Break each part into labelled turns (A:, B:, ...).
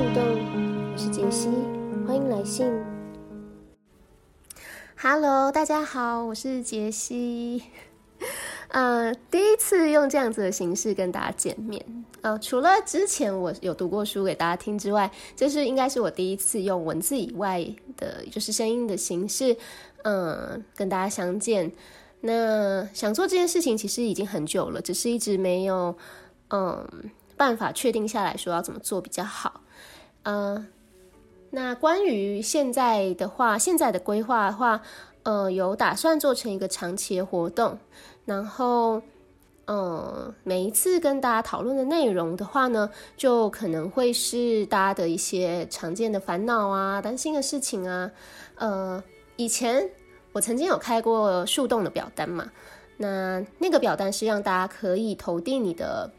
A: 樹洞，我是潔西，歡迎來信。Hello，大家好，我是潔西。呃，第一次用這樣子的形式跟大家見面。呃，除了之前我有讀過書給大家聽之外，這是應該是我第一次用文字以外的，就是聲音的形式，嗯、呃，跟大家相見。那想做這件事情其實已經很久了，只是一直沒有，嗯、呃。辦法確定下來說要怎麼做比較好，呃，那關於現在的話，現在的規劃的話，呃，有打算做成一個長期的活動，然後，嗯、呃，每一次跟大家討論的內容的話呢，就可能會是大家的一些常見的煩惱啊、擔心的事情啊，呃，以前我曾經有開過樹洞的表單嘛，那那個表單是讓大家可以投遞你的。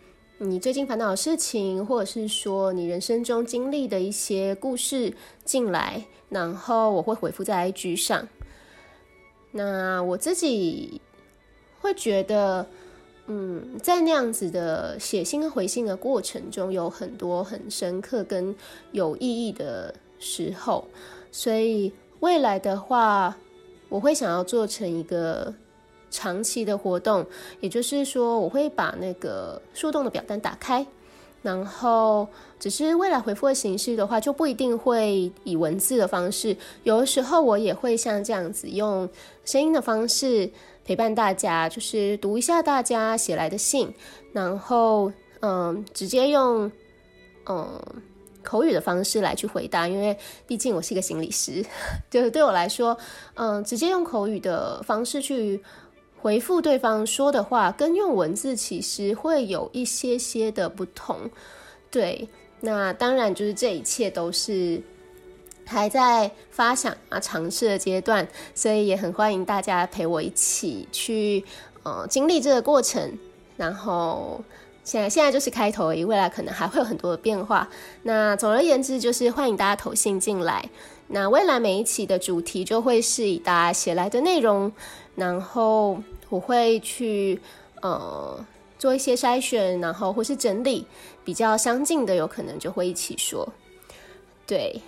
A: 你最近煩惱的事情，或者是說你人生中經歷的一些故事進來，然後我會回復在 IG 上。那我自己會覺得，嗯，在那樣子的寫信和回信的過程中，有很多很深刻跟有意義的時候。所以未來的話，我會想要做成一個。長期的活動，也就是說，我會把那個樹洞的表單打開，然後只是未來回復的形式的話，就不一定會以文字的方式。有的時候我也會像這樣子用聲音的方式陪伴大家，就是讀一下大家寫來的信，然後嗯，直接用嗯口語的方式來去回答，因為畢竟我是一個心理師，就是對我來說，嗯，直接用口語的方式去。回復對方說的話，跟用文字其實會有一些些的不同，對。那當然就是這一切都是還在發想啊、嘗試的階段，所以也很歡迎大家陪我一起去呃經歷這個過程。然後現在現在就是開頭而已，未來可能還會有很多的變化。那總而言之，就是歡迎大家投信進來。那未來每一期的主題就會是以大家寫來的內容，然後我會去呃做一些篩選，然後或是整理比較相近的，有可能就會一起說。對，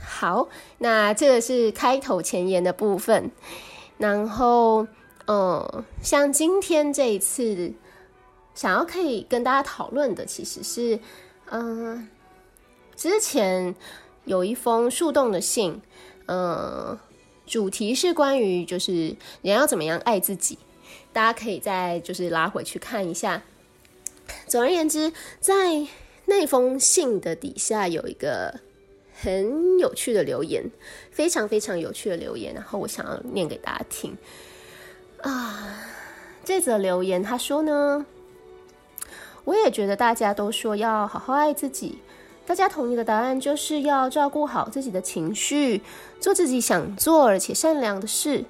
A: 好，那這個是開頭前言的部分，然後嗯、呃，像今天這一次想要可以跟大家討論的，其實是嗯、呃、之前。有一封樹洞的信，嗯，主題是關於就是人要怎麼樣愛自己，大家可以再就是拉回去看一下。總而言之，在那封信的底下有一個很有趣的留言，非常非常有趣的留言，然後我想要念給大家聽啊。這則留言他說呢，我也覺得大家都說要好好愛自己。大家同意的答案就是要照顧好自己的情緒，做自己想做而且善良的事。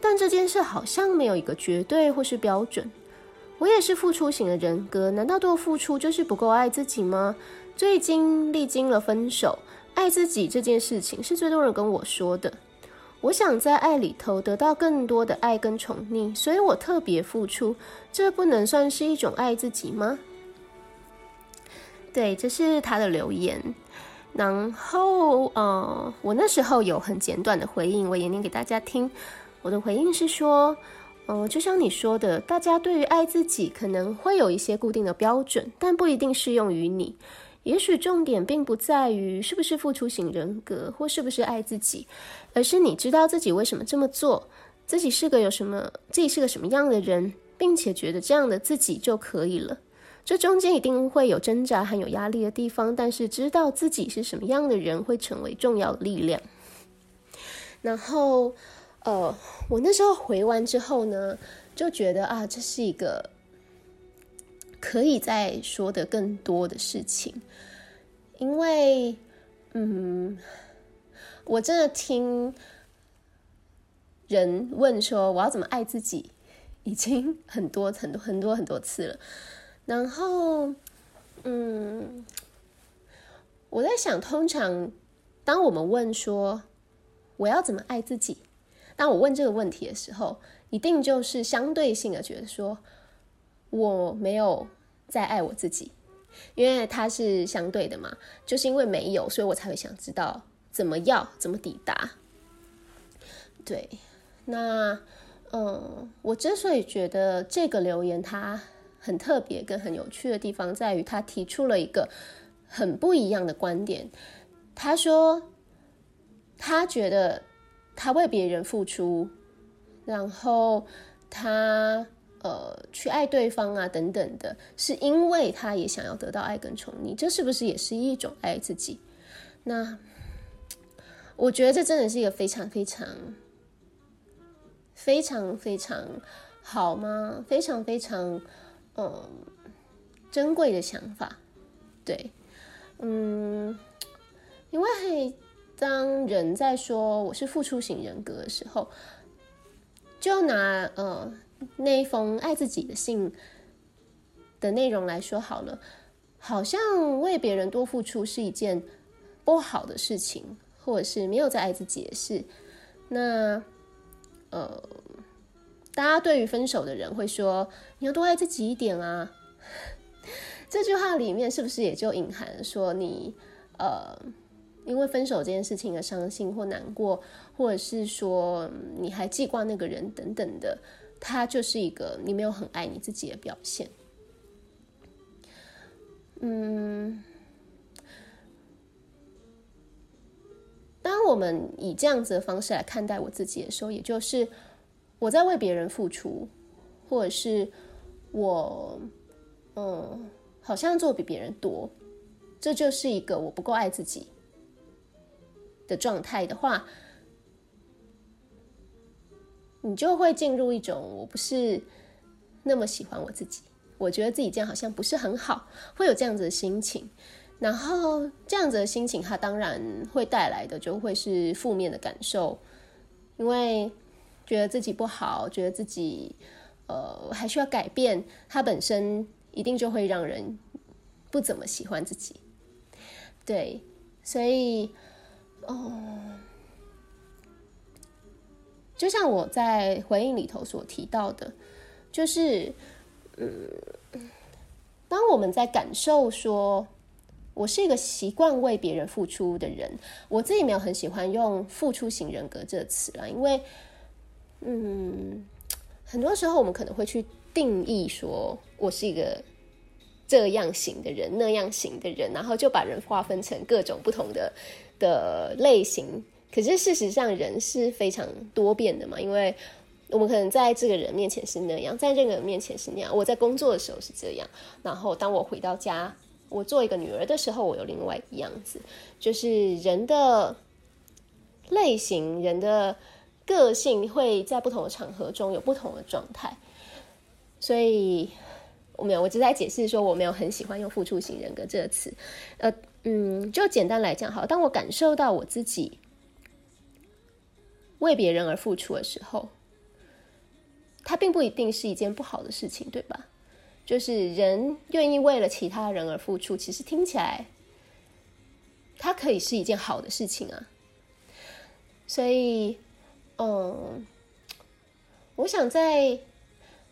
A: 但這件事好像沒有一個絕對或是標準。我也是付出型的人格，難道多付出就是不夠愛自己嗎？最近歷經了分手，愛自己這件事情是最多人跟我說的。我想在愛裡頭得到更多的愛跟寵溺，所以我特別付出，這不能算是一種愛自己嗎？對，這是他的留言。然後，呃，我那時候有很簡短的回應，我也念給大家聽。我的回應是說，呃，就像你說的，大家對於愛自己可能會有一些固定的標準，但不一定適用於你。也許重點並不在於是不是付出型人格，或是不是愛自己，而是你知道自己為什麼這麼做，自己是個有什麼，自己是個什麼樣的人，並且覺得這樣的自己就可以了。這中間一定會有掙扎和有壓力的地方，但是知道自己是什麼樣的人會成為重要的力量。然後，呃，我那時候回完之後呢，就覺得啊，這是一個可以再說的更多的事情，因為，嗯，我真的聽人問說我要怎麼愛自己，已經很多很多很多很多次了。然後，嗯，我在想，通常當我們問說我要怎麼愛自己，當我問這個問題的時候，一定就是相對性的覺得說我沒有在愛我自己，因為它是相對的嘛，就是因為沒有，所以我才會想知道怎麼要怎麼抵達。對，那嗯，我之所以覺得這個留言它，很特別，跟很有趣的地方在於，他提出了一個很不一樣的觀點。他說，他覺得他為別人付出，然後他呃去愛對方啊，等等的，是因為他也想要得到愛跟寵溺。這是不是也是一種愛自己？那我覺得這真的是一個非常非常非常非常好嗎？非常非常。嗯，珍貴的想法，對，嗯，因為當人在說我是付出型人格的時候，就拿呃、嗯、那一封愛自己的信的內容來說好了，好像為別人多付出是一件不好的事情，或者是沒有在愛自己也是，那，呃、嗯。大家對於分手的人會說：“你要多愛自己一點啊！” 這句話裡面是不是也就隱含說你呃，因為分手這件事情而傷心或難過，或者是說你還記掛那個人等等的，它就是一個你沒有很愛你自己的表現。嗯，當我們以這樣子的方式來看待我自己的時候，也就是。我在為別人付出，或者是我，嗯，好像做比別人多，這就是一個我不夠愛自己的狀態的話，你就會進入一種我不是那麼喜歡我自己，我覺得自己這樣好像不是很好，會有這樣子的心情，然後這樣子的心情，它當然會帶來的就會是負面的感受，因為。覺得自己不好，覺得自己，呃，還需要改變，它本身一定就會讓人不怎麼喜歡自己。對，所以，哦，就像我在回應裡頭所提到的，就是，嗯，當我們在感受說，我是一個習慣為別人付出的人，我自己沒有很喜歡用“付出型人格”這個詞了，因為。嗯，很多時候我們可能會去定義說，我是一個這樣型的人，那樣型的人，然後就把人劃分成各種不同的的類型。可是事實上，人是非常多變的嘛，因為我們可能在這個人面前是那樣，在這個人面前是那樣。我在工作的時候是這樣，然後當我回到家，我做一個女兒的時候，我有另外一樣子。就是人的類型，人的。個性會在不同的場合中有不同的狀態，所以我沒有，我只在解釋說我沒有很喜歡用“付出型人格”這個詞。呃，嗯，就簡單來講，好，當我感受到我自己為別人而付出的時候，它並不一定是一件不好的事情，對吧？就是人願意為了其他人而付出，其實聽起來，它可以是一件好的事情啊。所以。嗯，我想在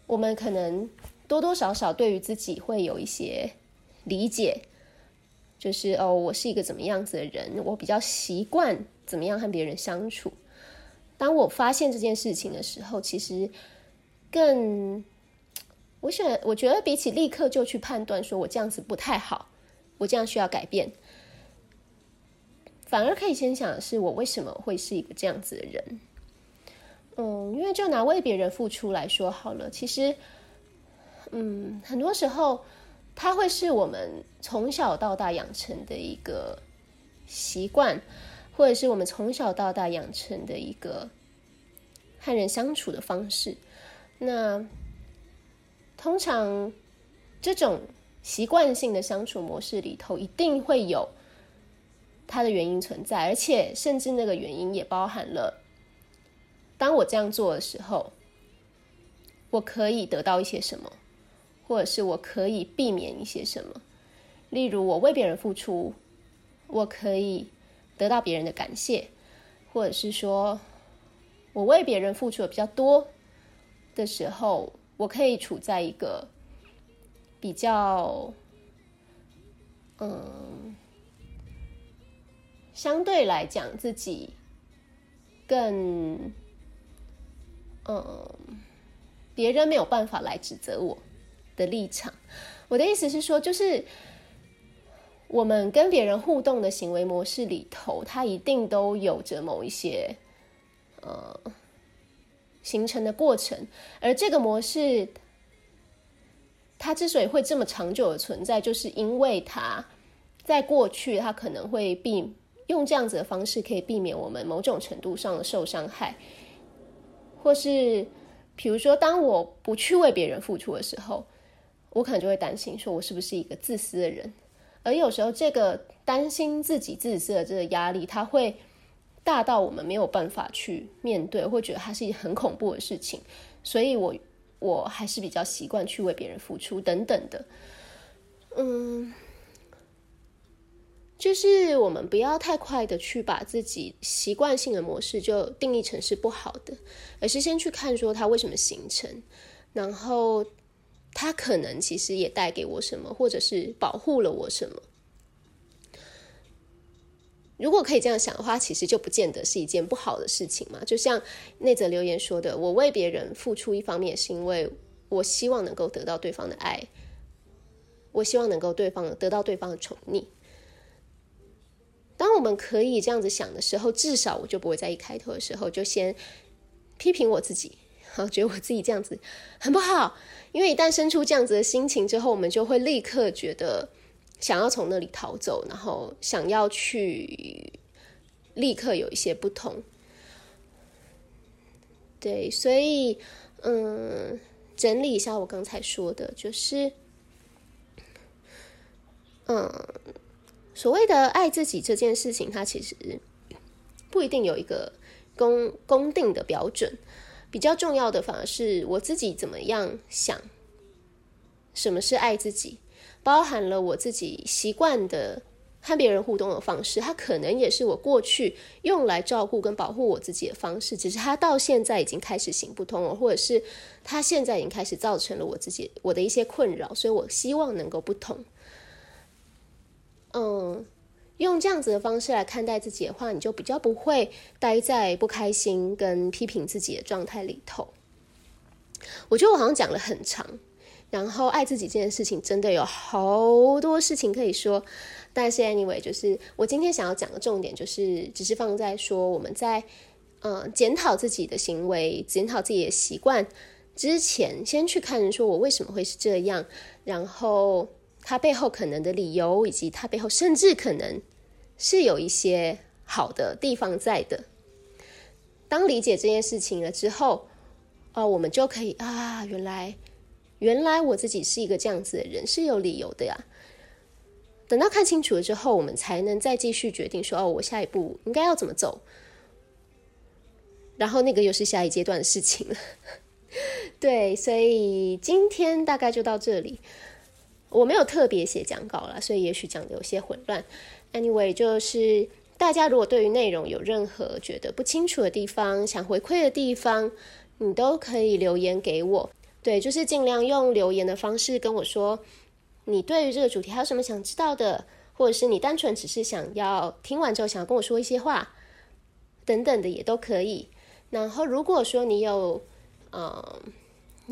A: 我們可能多多少少對於自己會有一些理解，就是哦，我是一個怎麼樣子的人，我比較習慣怎麼樣和別人相處。當我發現這件事情的時候，其實更，我想，我覺得比起立刻就去判斷說我這樣子不太好，我這樣需要改變，反而可以先想的是我為什麼會是一個這樣子的人。嗯，因為就拿為別人付出來說好了，其實，嗯，很多時候它會是我們從小到大養成的一個習慣，或者是我們從小到大養成的一個和人相處的方式。那通常這種習慣性的相處模式裡頭，一定會有它的原因存在，而且甚至那個原因也包含了。當我這樣做的時候，我可以得到一些什麼，或者是我可以避免一些什麼？例如，我為別人付出，我可以得到別人的感謝，或者是說我為別人付出的比較多的時候，我可以處在一個比較，嗯，相對來講，自己更。嗯，別人沒有辦法來指責我的立場。我的意思是說，就是我們跟別人互動的行為模式裡頭，它一定都有着某一些呃、嗯、形成的過程。而這個模式，它之所以會這麼長久的存在，就是因為它在過去，它可能會避用這樣子的方式，可以避免我們某種程度上的受傷害。或是，比如說，當我不去為別人付出的時候，我可能就會擔心，說我是不是一個自私的人。而有時候，這個擔心自己自私的這個壓力，它會大到我們沒有辦法去面對，或覺得它是一個很恐怖的事情。所以我，我我還是比較習慣去為別人付出等等的，嗯。就是我們不要太快的去把自己習慣性的模式就定義成是不好的，而是先去看說它為什麼形成，然後它可能其實也帶給我什麼，或者是保護了我什麼。如果可以這樣想的話，其實就不見得是一件不好的事情嘛。就像那則留言說的：“我為別人付出一方面是因為我希望能夠得到對方的愛，我希望能夠對方得到對方的寵溺。”當我們可以這樣子想的時候，至少我就不會在一開頭的時候就先批評我自己，然後覺得我自己這樣子很不好。因為一旦生出這樣子的心情之後，我們就會立刻覺得想要從那裡逃走，然後想要去立刻有一些不同。對，所以嗯，整理一下我剛才說的，就是嗯。所謂的愛自己這件事情，它其實不一定有一個公公定的標準。比較重要的反而是我自己怎麼樣想，什麼是愛自己，包含了我自己習慣的和別人互動的方式。它可能也是我過去用來照顧跟保護我自己的方式，只是它到現在已經開始行不通了，或者是它現在已經開始造成了我自己我的一些困擾，所以我希望能夠不同。嗯，用這樣子的方式來看待自己的話，你就比較不會待在不開心跟批評自己的狀態裡頭。我覺得我好像講了很長，然後愛自己這件事情真的有好多事情可以說，但是 anyway，就是我今天想要講的重點就是，只是放在說我們在嗯檢討自己的行為、檢討自己的習慣之前，先去看人說我為什麼會是這樣，然後。他背後可能的理由，以及他背後甚至可能是有一些好的地方在的。當理解這件事情了之後，哦，我們就可以啊，原來，原來我自己是一個這樣子的人，是有理由的呀。等到看清楚了之後，我們才能再繼續決定說，哦，我下一步應該要怎麼走。然後那個又是下一階段的事情了。對，所以今天大概就到這裡。我沒有特別寫講稿了，所以也許講得有些混亂。Anyway，就是大家如果對於內容有任何覺得不清楚的地方，想回饋的地方，你都可以留言給我。對，就是盡量用留言的方式跟我說，你對於這個主題還有什麼想知道的，或者是你單純只是想要聽完之後想要跟我說一些話等等的也都可以。然後如果說你有，嗯、呃。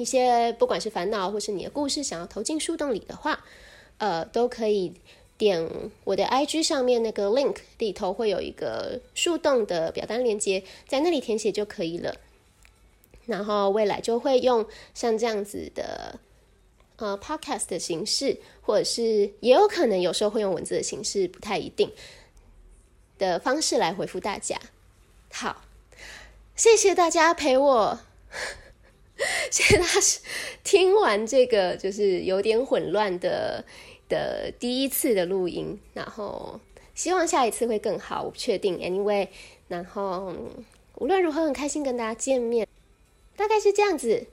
A: 一些不管是煩惱或是你的故事，想要投進樹洞裡的話，呃，都可以點我的 IG 上面那個 link 裡頭，會有一個樹洞的表單鏈接，在那裡填寫就可以了。然後未來就會用像這樣子的呃 podcast 的形式，或者是也有可能有時候會用文字的形式，不太一定的方式來回復大家。好，謝謝大家陪我。謝謝大家， 聽完這個就是有點混亂的的第一次的錄音，然後希望下一次會更好，我不確定。Anyway，然後無論如何很開心跟大家見面，大概是這樣子。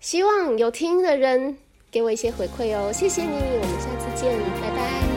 A: 希望有聽的人給我一些回饋哦，謝謝你，我們下次見，拜拜。